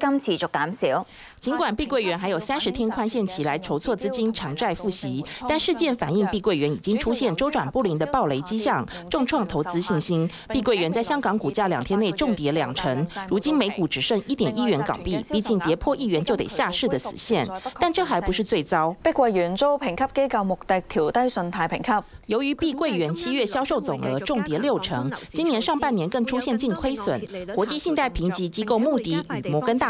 金持續減少。儘管碧桂園還有三十天寬限期來籌措資金，償債付息，但事件反映碧桂園已經出現周轉不靈的暴雷迹象，重創投資信心。碧桂園在香港股價兩天內重跌兩成，如今每股只剩一點一元港幣，逼近跌破一元就得下市的死線。但這還不是最糟。碧桂園遭評級機構穆迪調低信貸評級，由於碧桂園七月銷售總額重跌六成，今年上半年更出現淨虧損。國際信貸評級機構穆迪與摩根大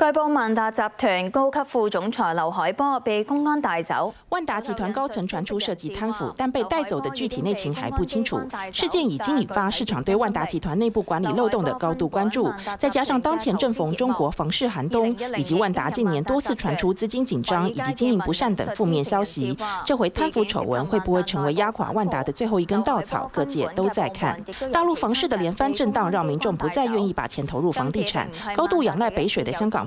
據報，萬達集團高級副總裁劉海波被公安帶走。萬達集團高層傳出涉及貪腐，但被帶走的具體內情還不清楚。事件已經引發市場對萬達集團內部管理漏洞的高度關注，再加上當前正逢中國房市寒冬，以及萬達近年多次傳出資金緊張以及經營不善等負面消息，這回貪腐醜聞會不會成為壓垮萬達的最後一根稻草？各界都在看。大陸房市的連番震盪，讓民眾不再願意把錢投入房地產，高度仰賴北水的香港。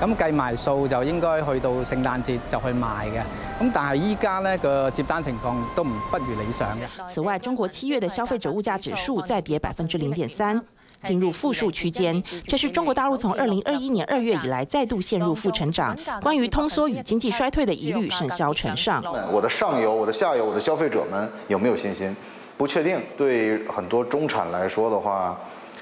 咁計埋數就應該去到聖誕節就去賣嘅，咁但係依家呢個接單情況都唔不如理想嘅。此外，中國七月的消費者物價指數再跌百分之零點三，進入負數區間，這是中國大陸從二零二一年二月以來再度陷入負成長。關於通縮與經濟衰退的疑慮甚囂塵上。我的上游、我的下游、我的消費者們有沒有信心？不確定。對很多中產來說的話。